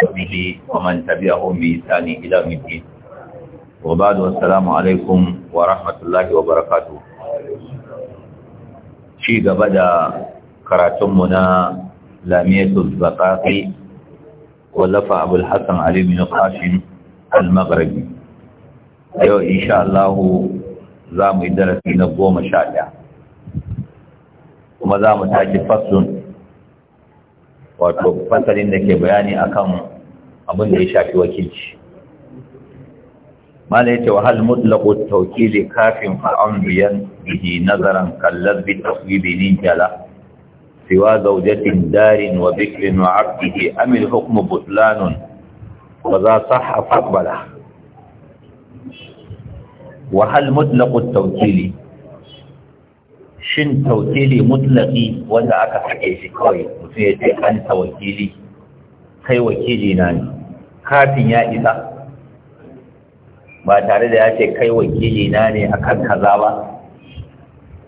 وصحبه ومن تبعهم بإحسان إلى يوم الدين وبعد والسلام عليكم ورحمة الله وبركاته شيء بدا كراتمنا لامية الزقاق ولف أبو الحسن علي بن قاسم المغربي أيوة إن شاء الله زام درسنا قوم شاء الله وما زام تاجي فصل wato fasalin da ke bayani akan abin da ya shafi wakilci mala yace wa hal mutlaqu tawkili kafin fa amriyan bihi nazaran kallad bi ni jala siwa zawjatin darin wa bikrin wa abdihi am al hukm butlanun wa za sahha faqbala wa hal mutlaqu tawkili shin taukili mutlaki wanda aka sake shi kawai mutum ya ce an tawakili kai wakili na ne kafin ya isa ba tare da ya ce kai wakili na ne akan kaza ba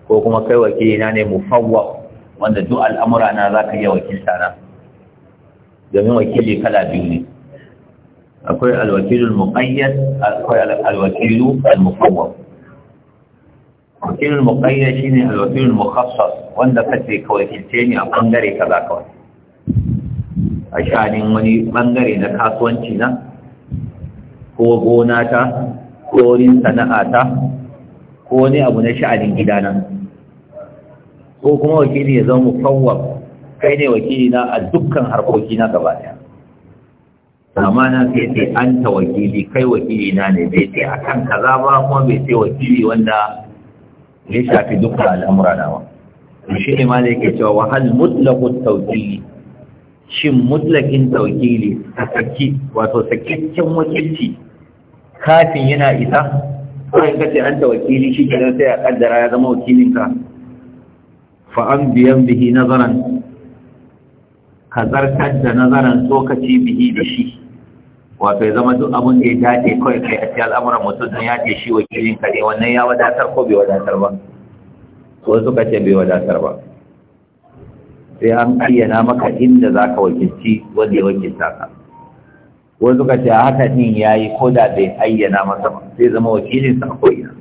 ko kuma kai wakili na ne mufawwa wanda duk al'amura na za ka iya wakilta na domin wakili kala biyu ne akwai alwakilul muqayyad akwai alwakilu al-mufawwad wakilin muqayyad shine al-wakilul mukhassas wanda kace ka wakilce ni a bangare kaza kawai a shanin wani bangare na kasuwanci na ko gona ta ko wurin sana'a ta ko wani abu na sha'anin gidana ko kuma wakili ya zama mukawwam kai ne wakili na a dukkan harkoki na gaba daya amma na sai sai an ta wakili kai wakili na ne bai sai akan kaza ba kuma bai sai wakili wanda ya shafi dukkan al'amura nawa shi ne ma da yake cewa wahal mutlaqut tawkili shin mutlakin tawkili a saki wato sakakken wakilci kafin yana isa kawai kace an ta wakili shi kenan sai a kaddara ya zama wakilinka faan an biyan bihi nazaran ka zartar da nazaran tsokaci bihi da shi wato ya zama duk abin da ya dace kawai kai a cikin al'amuran mutum don ya ce shi wakilin kare wannan ya wadatar ko bai wadatar ba ko suka ce bai wadatar ba sai an ayyana maka inda za ka wakilci wanda ya wakilta ka ko suka ce haka din ya yi ko da bai ayyana masa ba sai zama wakilin sa ko ina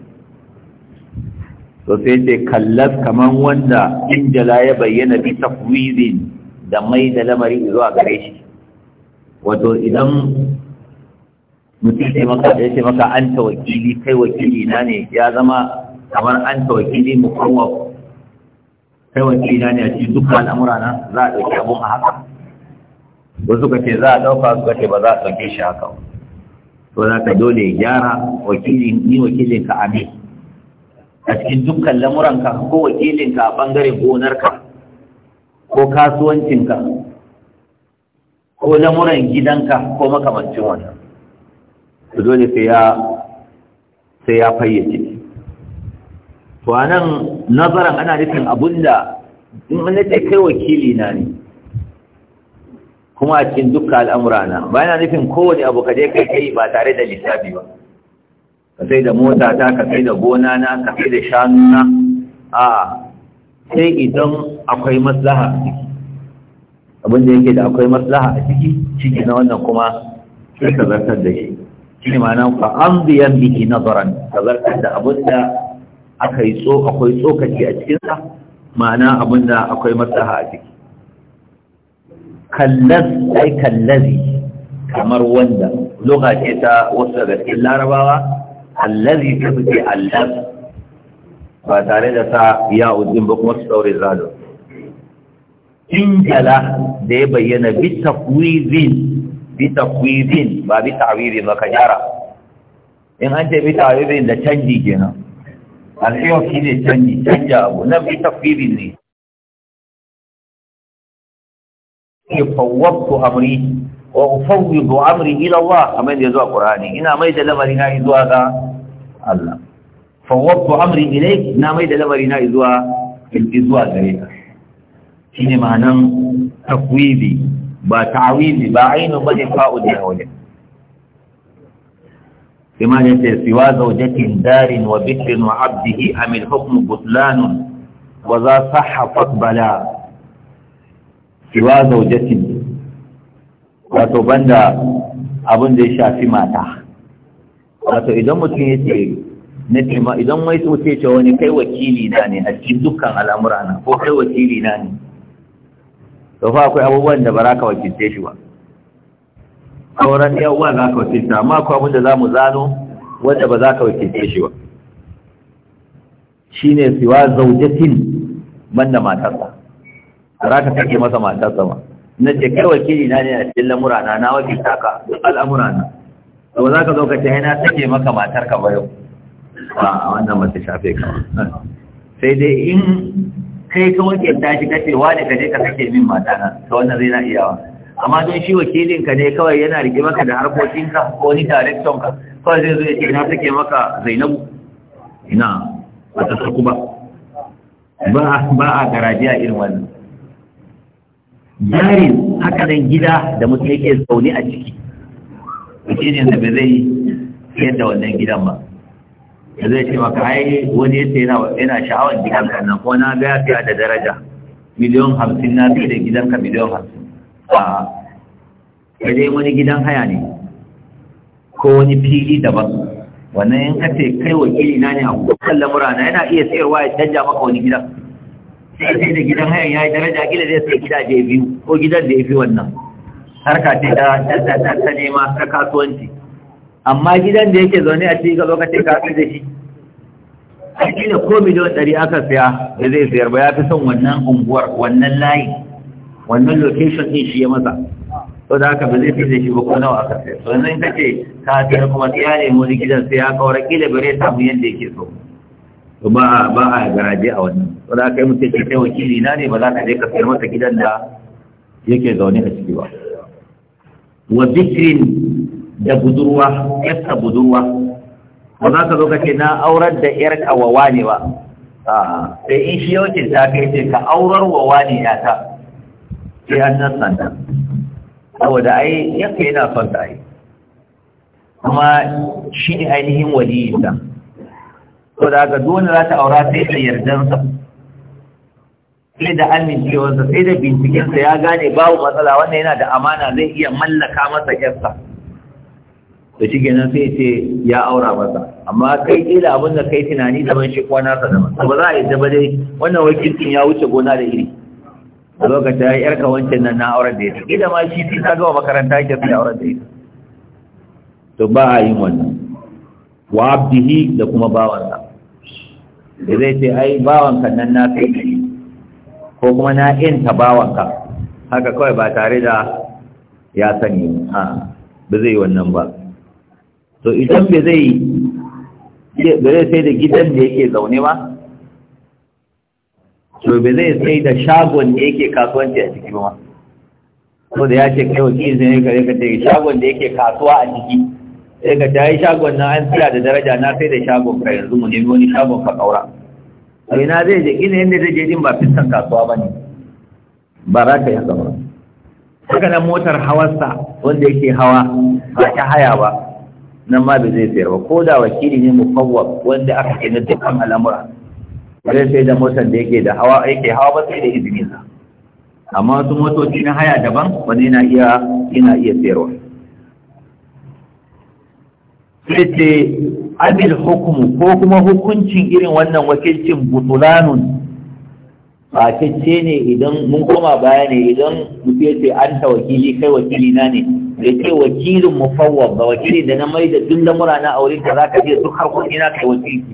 to sai ce kallas kaman wanda injala ya bayyana bi tafwidin da mai da lamari zuwa gare shi wato idan mutum sai maka da yake maka an ta wakili kai wakili na ne ya zama kamar an ta wakili mu kowa kai wakili na ne a cikin dukkan al'amura na za a ɗauki abun a haka wasu suka ce za a ɗauka suka ce ba za a ɗauke shi haka to za ka dole ya gyara wakili ni wakilin ka amin a cikin dukkan lamuran ka ko wakilin ka a ɓangaren ka? ko kasuwancin ka ko lamuran gidanka ko makamancin wannan to dole sai ya sai ya fayyace to anan nazaran ana nufin abunda in an ce kai wakili na ne kuma a cikin dukkan al'amura na ba nufin kowane abu ka je kai kai ba tare da lissafi ba ka sai da mota ta ka sai da gona na ka sai da shanu na a sai idan akwai maslaha a ciki abinda yake da akwai maslaha a ciki ciki na wannan kuma sai ka zartar da shi shine ma'ana fa an biyan biki nazaran ka zartar da abin da aka yi tso akwai tsokaci a cikinsa ma'ana abin da akwai maslaha a ciki kallaz ai kallazi kamar wanda lugha ce ta wasu daga cikin larabawa allazi ta allaz ba tare da sa ya uddin ba kuma su zalo jala da ya bayyana bi tafwizin bi takwibin ba bi ta'wibin ba ka gyara in an ce bi ta'wibin da canji kenan alfiyon shi ne canji canja abu na bi takwibin ne ke fawwabtu amri wa ufawwidu amri ila Allah kamar da zuwa ƙur'ani ina mai da lamari na zuwa ga Allah fawwabtu amri ne na mai da lamari na zuwa zuwa gare ka ne ma'anan takwibi ba ta'wizi ba ainihin ba ne ifa'u da yawon iman yace siwa zaujatin darin wa bitrin wa abdihi amil hukmu butlanun wa za saha fakbala siwa zaujatin wato banda abin da ya shafi mata wato idan mutum ya ce na taimaka idan mai su ce wani kai wakili na ne a cikin dukkan al'amura ko kai wakili na ne to fa akwai abubuwan da ba za ka wakilce shi ba sauran yau uwa za ka wakilta amma akwai abin da za mu zano wanda ba za ka wakilce shi ba shi ne siwa zaujatin da matarsa za ka take masa matarsa ba na ce kai wakili na ne a cikin lamura na na wakilta ka duk al'amura na to za ka zo ka ce na take maka matarka ba yau ba a wannan mace shafe ka sai dai in kai ka ta shi kace wani ka je ka kake min mata na Ka wannan zai na iyawa amma don shi wakilin ka ne kawai yana rike maka da harkokin ka ko ni direction ka kawai zai zo ya ce na take maka Zainabu ina ba ta saku ba ba ba a garajiya irin wannan jarin haka nan gida da mutum yake zaune a ciki wakilin da ba zai yadda wannan gidan ba ya zai ce maka ai wani ya sai yana sha'awar gidan nan ko na gaya fiye da daraja miliyan hamsin na fiye da gidanka miliyon hamsin a kaje wani gidan haya ne ko wani fili daban wannan 'yan kace kai wakili na ne a kukan lamura na yana iya sayarwa ya canja maka wani gidan sai sai da gidan hayan ya yi daraja gida zai sai gidaje biyu ko gidan da ya fi wannan harka ce ta ta nema ta kasuwanci amma gidan da yake zaune a cikin lokacin ka da shi a kila ko miliyan ɗari aka siya da zai siyar ba ya fi son wannan unguwar wannan layi wannan location ɗin shi ya masa to da haka ba zai fi da shi ba ko nawa aka siya. to yanzu in ka ce ka kuma ya ne wani gidan siya ya kawar kila bare zai samu yadda yake so ba ba a garaje a wannan to da kai mutum ke wakili na ne ba za ka je ka sayar masa gidan da yake zaune a ciki ba wa bikirin. da budurwa yarsa budurwa ba za ka zo ka ce na aurar da yar kawawa ne ba sai in shi yaukin ta kai ce ka aurar wa wani ya ta sai an nan sanda saboda ai yaka yana son ta ai kuma shi ne ainihin ko da haka dole za ta aura sai da yardansa sai da amincewarsa sai da bincikensa ya gane babu matsala wannan yana da amana zai iya mallaka masa yarsa da shi kenan sai ce ya aura masa amma kai ila abin da kai tunani zaman shi kuwa nasa daban ba za a yi daba dai wannan wakilcin ya wuce gona da iri a lokacin ya yarka wancan nan na auren da ita kila ma shi sai ta gama makaranta yake fi auren da ita to ba a yin wannan wa abdihi da kuma bawansa da zai ce ai bawanka nan na kai ko kuma na bawan bawanka haka kawai ba tare da ya sani ba zai yi wannan ba to idan bai zai bai sai da gidan da yake zaune ba to bai zai sai da shagon da yake kasuwanci a ciki ba ko da ya ce kai wakil ne kare ka da shagon da yake kasuwa a ciki sai ka tayi shagon na an tsaya da daraja na sai da shagon ka yanzu mu nemi wani shagon ka kaura a na zai je ina yadda zai je din ba fitan kasuwa ba ne ba za ka yi zama haka nan motar hawarsa wanda yake hawa ba ta haya ba nan ma bai zai sayar ba ko da wakili ne mufawwab wanda aka kai na dukkan al'amura zai sai da motar da yake da hawa yake hawa ba sai da izinin sa amma su motoci na haya daban wani na iya yana iya sayarwa sai ce abil hukumu ko kuma hukuncin irin wannan wakilcin butulanun fatacce ne idan mun koma baya ne idan mutum ya ce an ta wakili kai wakili na ne da ce wakilin fawwa, ba wakili da na mai da duk lamura na aure ka za ka je duk harkoki na kai wakili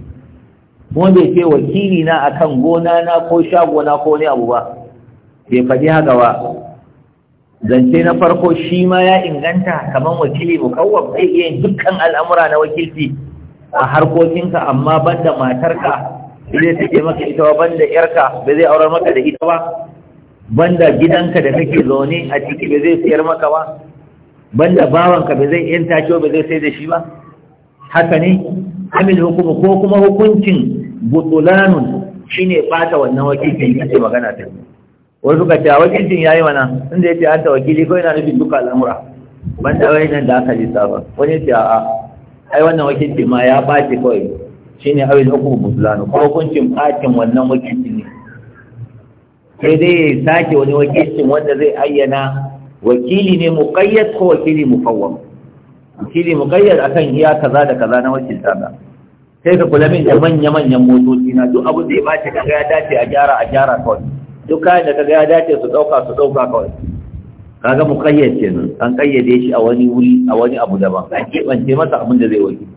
kuma bai ce wakili na akan gona na ko shagona ko wani abu ba bai faɗi haka ba zance na farko shi ma ya inganta kamar wakili mukawwab zai iya dukkan al'amura na wakilci a harkokinka amma banda matarka zai suke maka ita ba banda yarka ba zai aurar maka da ita ba banda gidanka da kake zaune a ciki ba zai siyar maka ba banda bawanka ba zai yanta ciwo ba zai sai da shi ba haka ne amil hukumu ko kuma hukuncin butulanun shine bata wannan wakilcin yake magana ta wasu ka ce wakilin yayi mana inda ce an ta wakili ko yana nufin duka al'amura banda wai nan da aka lissafa wani ce a'a ai wannan wakilin ma ya bace kawai Shi ne shine awil uku butlanu ko hukuncin fatin wannan wakilcin ne sai dai ya sake wani wakilcin wanda zai ayyana wakili ne muqayyad ko wakili mufawwam wakili muqayyad akan iya kaza da kaza na wakilta ka sai ka kula min da manya manyan motoci na duk abu da ya bace kaga ya dace a gyara a gyara kawai duk kayan da kaga ya dace su dauka su dauka kawai kaga muqayyad nan, an kayyade shi a wani wuri a wani abu daban an keɓance masa abin da zai wakili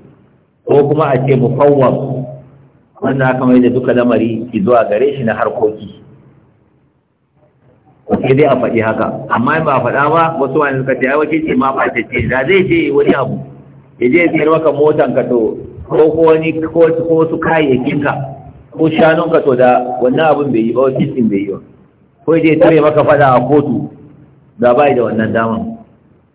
ko kuma a ce mukawwam wannan aka mai da duka lamari ki zuwa gare shi na harkoki ke dai a faɗi haka amma ba faɗa ba wasu wani suka ce wace ce ma ba ce da zai ce wani abu ya je siyar maka motan ka to ko ko wani ko wasu kayayyakin ka ko shanun ka to da wannan abun bai yi ba wasu bai yi ba ko ya je tare maka faɗa a kotu da bai da wannan daman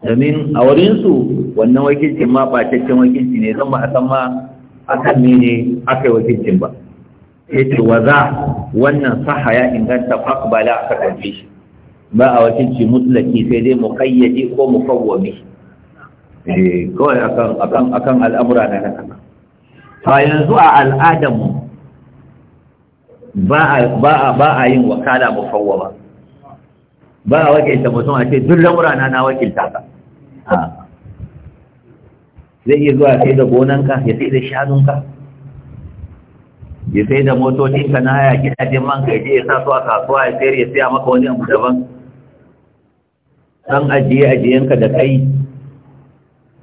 domin a wurinsu wannan wakilcin ma ɓataccen wakilci ne zan ba a san ma akan mene aka yi wakilcin ba ya ce wa za wannan saha ya inganta fakbala aka ɗauke shi ba a wakilci mutlaki sai dai mu kayyade ko mu kawwame eh, kawai akan al'amura na haka a yanzu a al'adarmu ba a yin wakala mu kawwama ba a wakilta mutum a ce duk lamura na na wakilta ka a zai iya zuwa sai da gonanka ya sai da shanunka ya sai da motocinka na haya gidajen man ka je ya sa su a kasuwa ya sayar ya siya maka wani abu daban ɗan ajiye ajiyenka da kai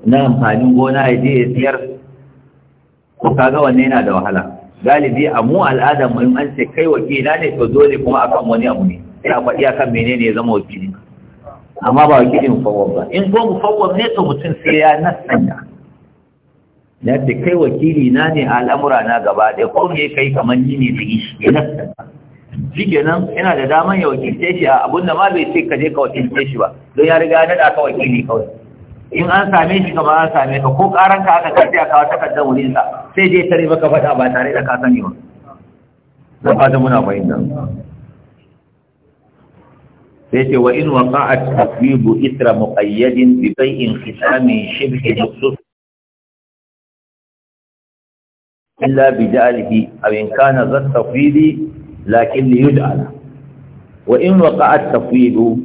na amfanin gona ya je ya siyar ko kaga wanne yana da wahala galibi a mu al'adar mu in an ce kai wakila ne to dole kuma akan wani abu ne sai a faɗi akan menene ya zama wakilinka amma ba wakili mufawwad ba in ko mufawwad ne to mutum sai ya nasanya da ta kai wakili na ne a al'amura na gaba da ko ne kai kamar ni ne da shi ya nasanya shi kenan yana da daman ya wakilce shi a abun da ma bai ce ka je ka wakilce shi ba don ya riga ya naɗa ka wakili kawai in an same shi kamar an same ka ko karan ka aka karfi a kawo takardar wurin sa sai je tare maka faɗa ba tare da ka sani ba. Na fata muna fahimta. sai ce wa in waqa'at taqribu isra muƙayyadin muqayyadin bi bai'in khisami shibhi nusus illa bi ja'alihi aw in kana dhat tafwidi lakin li yud'ala wa in waqa'at tafwidu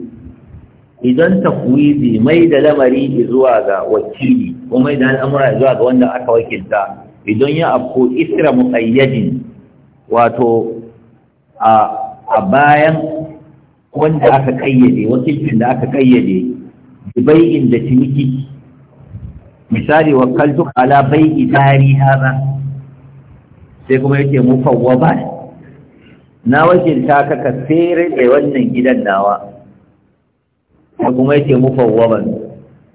idan tafwidi mai da lamari zuwa ga wakili ko mai da al'amura zuwa ga wanda aka wakilta idan ya afko isra muƙayyadin, wato a bayan wanda aka kayyade wakilcin da aka kayyade bai'in da ciniki misali wakaltu ala bai'i dari haza sai kuma yake mufawwaba na wakilta ka ka fere da wannan gidan nawa sai kuma yake mufawwaban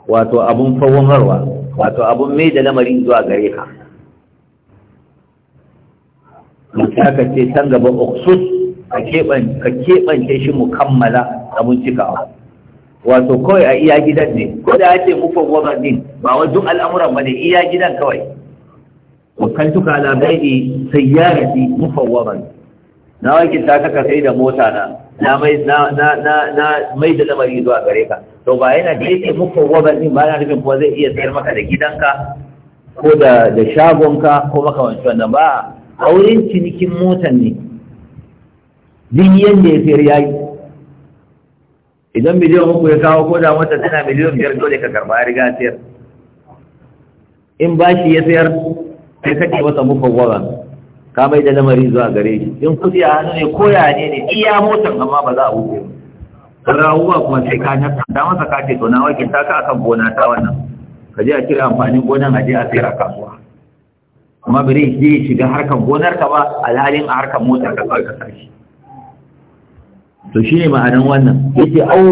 wato abun fawwamarwa wato abun mai da lamarin zuwa gare ka ka ce san gaba uksus ka keɓance shi mukammala cika a wato kawai a iya gidan ne ko da ake mufan wazan din ba wa duk al'amuran ba ne iya gidan kawai wakantuka ala baidi sayyarati mufan wazan na wanke ta kaka sai da mota na na mai na mai da lamari zuwa gare ka to ba yana da yake mufan wazan din ba yana nufin kuma zai iya sayar maka da gidanka ko da da shagonka ko wancan wannan ba aurin cinikin motan ne duk yanda ya sayar yayi idan miliyan uku ya kawo ko da wata tana miliyan biyar dole ka karba ya riga sayar in bashi ya sayar sai kake masa mufawwara ka mai da lamari zuwa gare shi in kuɗi a hannu ne ko ya ne ne iya motar amma ba za a wuce ba rawuwa kuma sai ka nasa da masa ka ce to na wakil ta ka akan gona ta wannan ka je a cire amfanin gonan a je a sayar a kasuwa amma bari shi shiga harkar gonar ka ba alhalin a harkar motar ka kawai ka sashi to shi ne ma'anan wannan yace au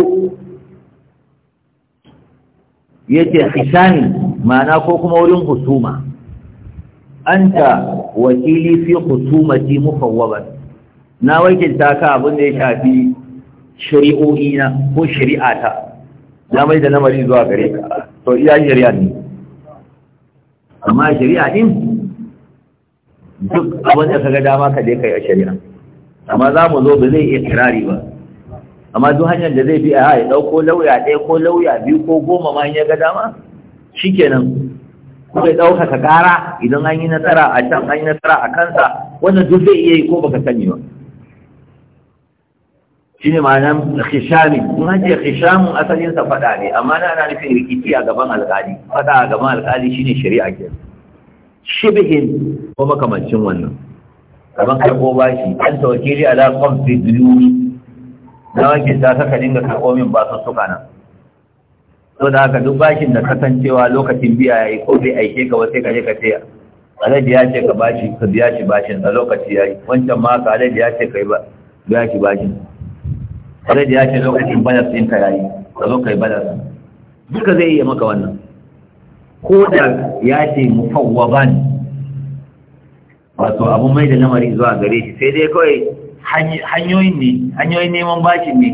yace hisani ma'ana ko kuma wurin husuma anta wakili fi husumati mufawwadan na wakilta ka abin da ya shafi na ko shari'ata na mai da namari zuwa gare ka to iya shari'a ne amma shari'a din duk abin da ka ga dama ka je kai a shari'a amma za mu zo ba zai iya kirari ba amma duk hanyar da zai bi a ya ɗauko lauya ɗaya ko lauya biyu ko goma ma ya ga dama shi kenan kuma ya ɗaukaka ƙara idan an yi nasara a can an yi nasara a kansa wannan duk zai iya yi ko baka sani ba shi ne ma'anar khishami kun hajjiya khishamun asalinsa faɗa ne amma na ana nufin rikici a gaban alƙali faɗa a gaban alƙali shine shari'a ke shibihin ko makamancin wannan gaban karɓo bashi an tawakili ala kwamfi biyu na wake ta saka dinga karɓo min ba su suka nan so da haka duk bashin da kasancewa lokacin biya ya yi ko bai aike ka ba sai ka je ka ce alaji ya ce ka bashi ka biya shi bashin a lokaci ya yi wancan ma ka alaji ya ce ka yi ba biya shi bashin alaji ya ce lokacin balas ɗinka ya yi ka zo ka yi balas duka zai iya maka wannan ko da ya ce mufawwa ba ne wato abu mai da lamari zuwa gare shi sai dai kawai hanyoyin ne hanyoyin neman bashin ne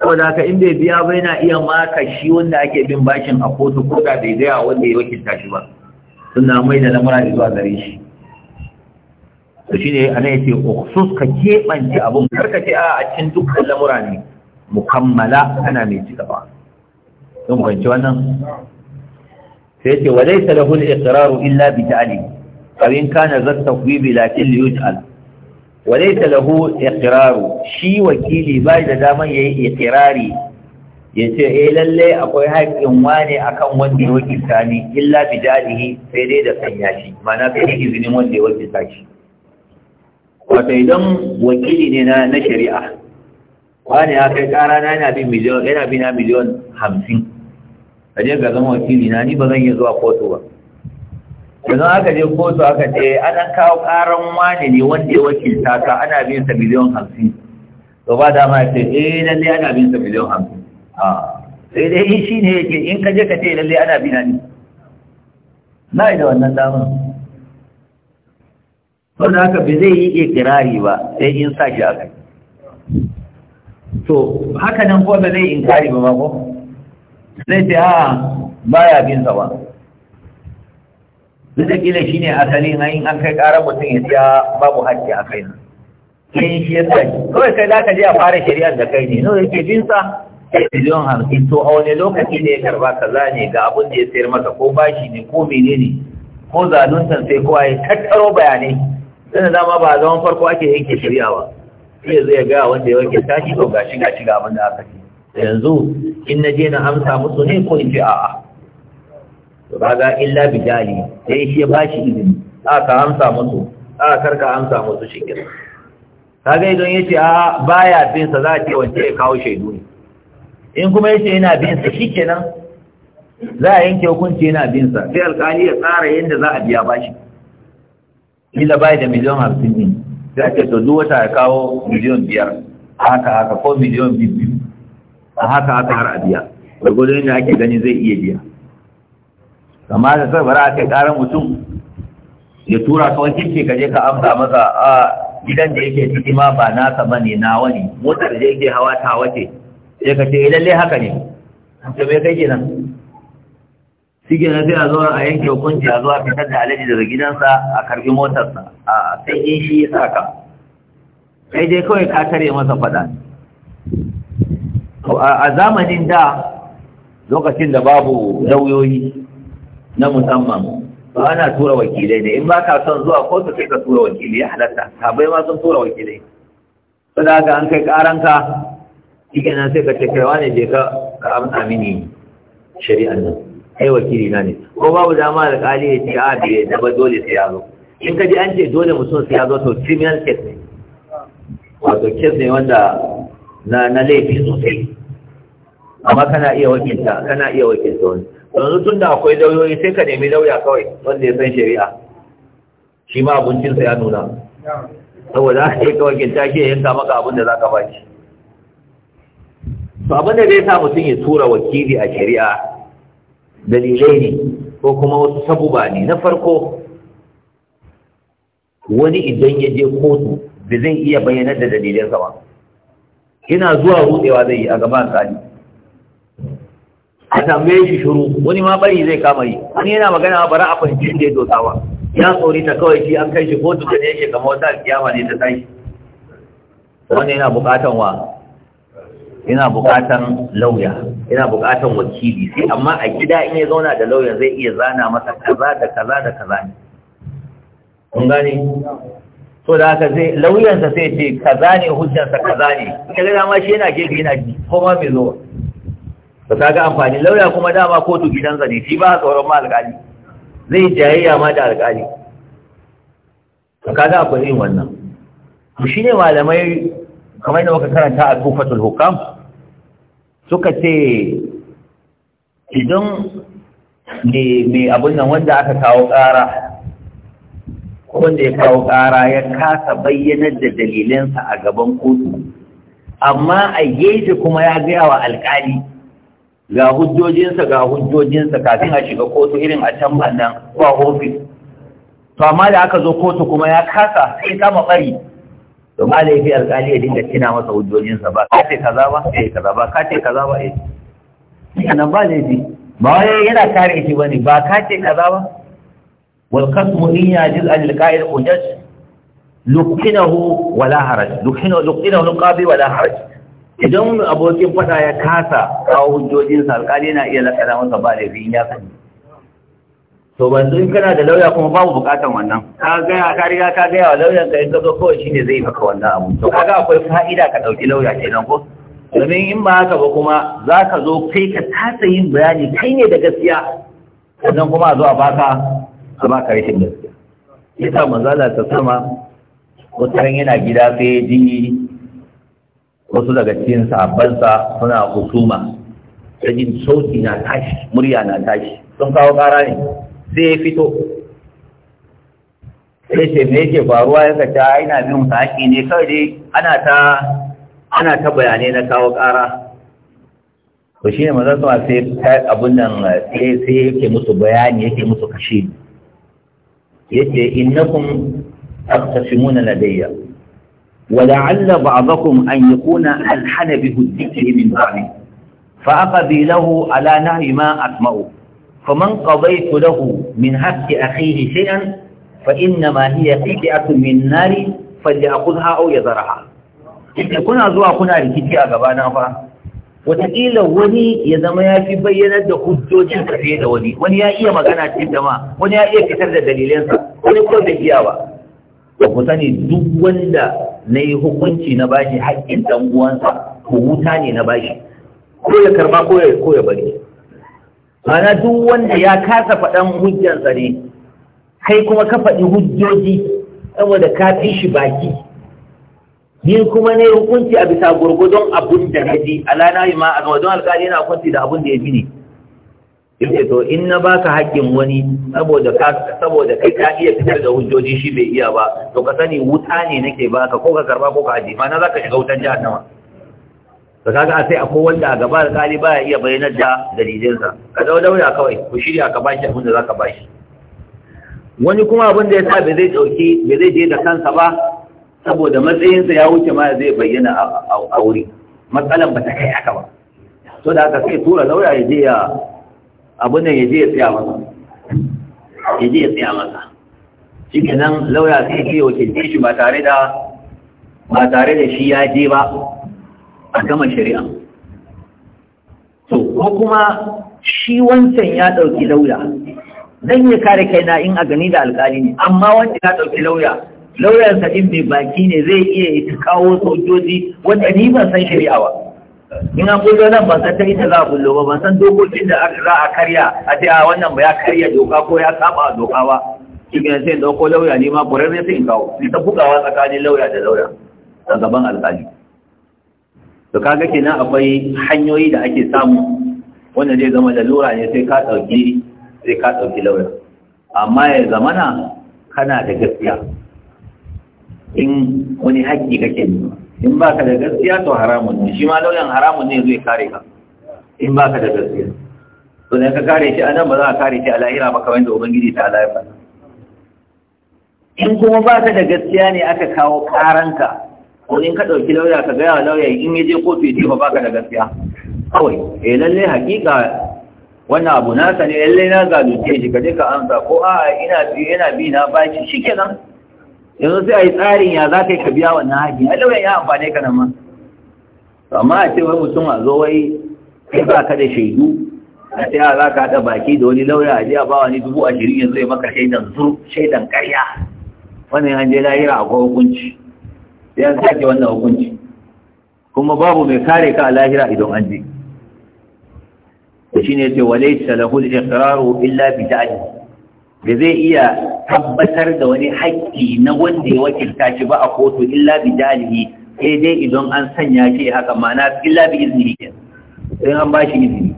saboda haka in bai biya ba yana iya maka shi wanda ake bin bashin a kotu ko da bai gaya wanda ya wakilta shi ba suna mai da lamura zuwa gare shi to shi ne ana yace uksus ka keɓance abun ka ce a cikin dukkan lamura ne mukammala ana mai ci gaba don fahimci wannan sai ce wa laysa lahu al-iqraru illa bi ta'lim fa in kana zatta fi bila til yuj'al walaita lahu iqraru shi wakili bai da daman yayi iqrari yace eh lalle akwai haƙƙin wani akan wanda ya wakilta ni illa bidalihi sai dai da sanya shi ma'ana sai da izinin wanda ya wakilta shi wato idan wakili ne na na shari'a wani ya kai ƙara na yana bin miliyon yana bin miliyon hamsin kaje ga zama wakili na ni ba zan iya zuwa kotu ba yanzu aka je kotu aka ce ana kawo karan wani ne wanda ya wakilta ka ana bin sa miliyan hamsin to ba dama ya ce eh lalle ana bin sa miliyan hamsin a sai dai in shi ne yake in ka je ka ce lalle ana bin ne na da wannan dama wanda haka bai zai yi ikirari ba sai in sa shi aka to haka nan ko ba zai inkari ba ba ko zai ce ah, a ya bin sa ba duk da kila shine asali na an kai ƙarar mutum ya siya babu hakki a kai nan yi shi ya sai kawai kai za ka je a fara shari'ar da kai ne nawa yake jinsa sai miliyan hamsin to a wani lokaci ne ya karba kaza ne ga abin da ya sayar masa ko bashi ne ko menene ko zaluntan sai kowa ya tattaro bayanai Sani dama ba zaman farko ake yanke shari'a ba iya zai gaya wanda ya wanke tashi to gashi gashi ga abin da aka ce yanzu in na je na amsa musu ne ko in ce a'a to kaga illa bijali sai shi ya bashi izini a ka amsa musu a karka amsa musu shikin kaga idan yace a baya bin sa za a ce wance ya kawo shaidu ne in kuma yace yana bin sa shikenan za a yanke hukunci yana bin sa sai alƙali ya tsara yadda za a biya bashi kila bai da miliyan hamsin ne sai ce to duk wata ya kawo miliyan biyar haka haka ko miliyan biyu a haka haka har a biya gwargwadon yadda ake gani zai iya biya kama da sai bara kai karan mutum ya tura ka wani ce ka je ka amsa masa a gidan da yake ciki ma ba naka bane na wani motar da yake hawa ta wace sai ka ce eh, lalle haka ne to me kai kenan shi ke sai a zo a yanke hukunci a zuwa fitar da alaji daga gidansa a karfi motarsa a sai in shi ya saka sai dai kawai ka tare masa faɗa a zamanin da lokacin da babu lauyoyi na musamman ba ana tura wakilai ne in ba ka son zuwa kotu sai ka tura wakili ya halatta bai ma sun tura wakilai sai da haka an kai karanka shike nan sai ka ce kai ne je ka amsa mini shari'an nan kai wakili na ne ko babu dama da kali ya ce a biye da ba dole sai ya zo in ka ji an ce dole mutum sai ya zo to criminal case ne wato case ne wanda na na laifi sosai amma kana iya wakilta kana iya wakilta wani yanzu tun da akwai lauyoyi sai ka nemi lauya kawai wanda ya san shari'a shi ma abincinsa ya nuna saboda aka yi kawai kinta ke ya yanka maka abin da za ka bashi to abin da zai sa mutum ya tura wakili a shari'a dalilai ne ko kuma wasu sabuba ne na farko wani idan ya je kotu da zai iya bayyanar da dalilansa ba ina zuwa rutsewa zai yi a gaban tsari. a tambaye shi shuru wani ma bari zai kama yi wani yana magana bara a fahimci da ya dosawa ya tsori ta kawai shi an kai shi kotu da ne kama wata kiyama ne ta tashi Wani yana bukatan wa yana bukatan lauya yana bukatan wakili sai amma a gida in ya zauna da lauya zai iya zana masa kaza da kaza da kaza ne kun gane so da haka zai lauyansa sai ce kaza ne hujjansa kaza ne kaga dama shi yana gefe yana ji ko ma mai zo to ga amfani lauya kuma dama kotu gidan zane shi ba tsoron ma alƙali zai jayayya ma da alƙali Ka ga akwai yin wannan to shine malamai kamar da muka karanta a tufatul hukam suka ce idan mai abun nan wanda aka kawo ƙara wanda ya kawo ƙara ya kasa bayyanar da dalilinsa a gaban kotu amma a gefe kuma ya gaya wa alƙali ga hujjojinsa ga hujjojinsa kafin a shiga kotu irin a can bannan ba ofis to amma da aka zo kotu kuma ya kasa sai kama bari to ma laifi alkali ya dinga tina masa hujjojinsa ba ka ce kaza ba eh kaza ba ka ce kaza ba eh nan ba laifi ba wai yana kare shi bane ba ka ce kaza ba wal qasmu in jil al qa'il hujjaj lukinahu wala haraj lukinahu lukinahu al qadi wala haraj idan abokin faɗa ya kasa kawo hujjojinsa alƙali yana iya lakana masa ba da biyin ya sani to ban in kana da lauya kuma babu bukatan wannan ka gaya ka riga ka gaya wa lauyan ka in ka zo ne zai maka wannan abu to kaga akwai fa'ida ka dauki lauya kenan ko domin in ba haka ba kuma za ka zo kai ka tasa yin bayani kai ne da gaskiya sannan kuma a zo a baka a baka rashin gaskiya yasa manzala ta sama wata yana gida sai ya ji wasu daga cikin sabansa suna husuma jin sauti na tashi murya na tashi sun kawo kara ne sai ya fito sai ce me yake faruwa ya ta ah, ina bin sa haƙi ne kawai dai ana ta ana ta bayanai na kawo kara to shi ne mazan suna sai abin nan sai yake musu bayani yake musu kashe yace muna na ladayya ولعل بعضكم أن يكون ألحن بهدته من بعده فأقضي له على نهر ما أسمعه فمن قضيت له من حق أخيه شيئا فإنما هي قطعة من نار فليأخذها أو يذرها إذا كنا zuwa kuna rikici a gabana fa wataƙila wani ya zama ya fi bayyanar da hujjojin fiye da wani wani ya iya magana cikin jama'a wani ya iya fitar da dalilansa wani ko ba ku sani duk wanda na yi hukunci na bashi haƙƙin ɗan uwansa ko wuta ne na bashi ko ya karba ko ya bari Mana duk wanda ya kasa faɗan hujjansa ne kai kuma ka faɗi hujjoji saboda ka fi shi baki ni kuma ne hukunci a bisa gurgudun abin da ya ji alana ma a don alƙali yana kwanci da abin da ya fi ne yake to in na baka haƙƙin wani saboda ka saboda kai ka iya fitar da hujjoji shi bai iya ba to ka sani wuta ne nake baka ko ka karba ko ka aje ba na zaka shiga wutar jahannama to kaga sai akwai wanda a gaba da kali baya iya bayyana da dalilinsa ka dawo dawo kawai ku shirya ka bashi abin da zaka bashi wani kuma abin da yasa bai zai dauki bai zai je da kansa ba saboda matsayinsa ya wuce ma zai bayyana a wuri matsalan ba ta kai haka ba to da haka sai tura lauya ya je ya Abu nan ya je ya tsaya masa ya je ya tsaya masa shi nan lauya sai ya wakilce shi ba tare da ba tare da shi ya je ba a gama shari'a to ko kuma shi wancan ya ɗauki lauya zan yi kare na in a gani da alƙali ne amma wanda ya ɗauki lauya lauyansa in mai baki ne zai iya ita kawo sojoji wanda ni ban san shari'a ba in an bullo nan ban san ta ita za a bullo ba ban san dokokin da za a karya a ce a wannan ba ya karya doka ko ya saba doka ba shi ne sai dauko lauya ne ma ne sai in kawo ni ta bugawa tsakanin lauya da lauya a gaban alƙali to kaga kenan akwai hanyoyi da ake samu wanda zai zama lura ne sai ka ɗauki sai ka ɗauki lauya amma ya zamana kana da gaskiya in wani haƙƙi kake nema in ba ka da gaskiya to haramun ne shi ma lauyan haramun ne zai kare ka in ba ka da gaskiya to da ka kare shi a nan ba za a kare shi a lahira ba kamar da ubangiji ta ala ya in kuma ba ka da gaskiya ne aka kawo karanka ko in ka ɗauki lauya ka gaya wa lauya in ya je kotu ya ce ba ka da gaskiya kawai eh lallai hakika wannan abu nasa ne lallai na zalunce shi je ka amsa ko a'a ina biyu yana bi na shi kenan yanzu sai a yi tsarin ya za ka yi ka biya wannan haƙi a lauyan ya amfani ka nan ma amma a ce wai mutum a zo wai kai ba ka da shaidu a ce za ka haɗa baki da wani lauya a je a bawa ni dubu ashirin yanzu ya maka shaidan zur shaidan ƙarya wannan an je lahira akwai hukunci sai an sake wannan hukunci kuma babu mai kare ka a lahira idan an je da ya ce walaysa lahul iqraru illa bi ta'dil da zai iya tabbatar da wani haƙƙi na wanda ya wakilta shi ba a kotu illa bi dalihi sai dai idan an sanya shi haka ma'ana illa bi izini ke sai an ba shi izini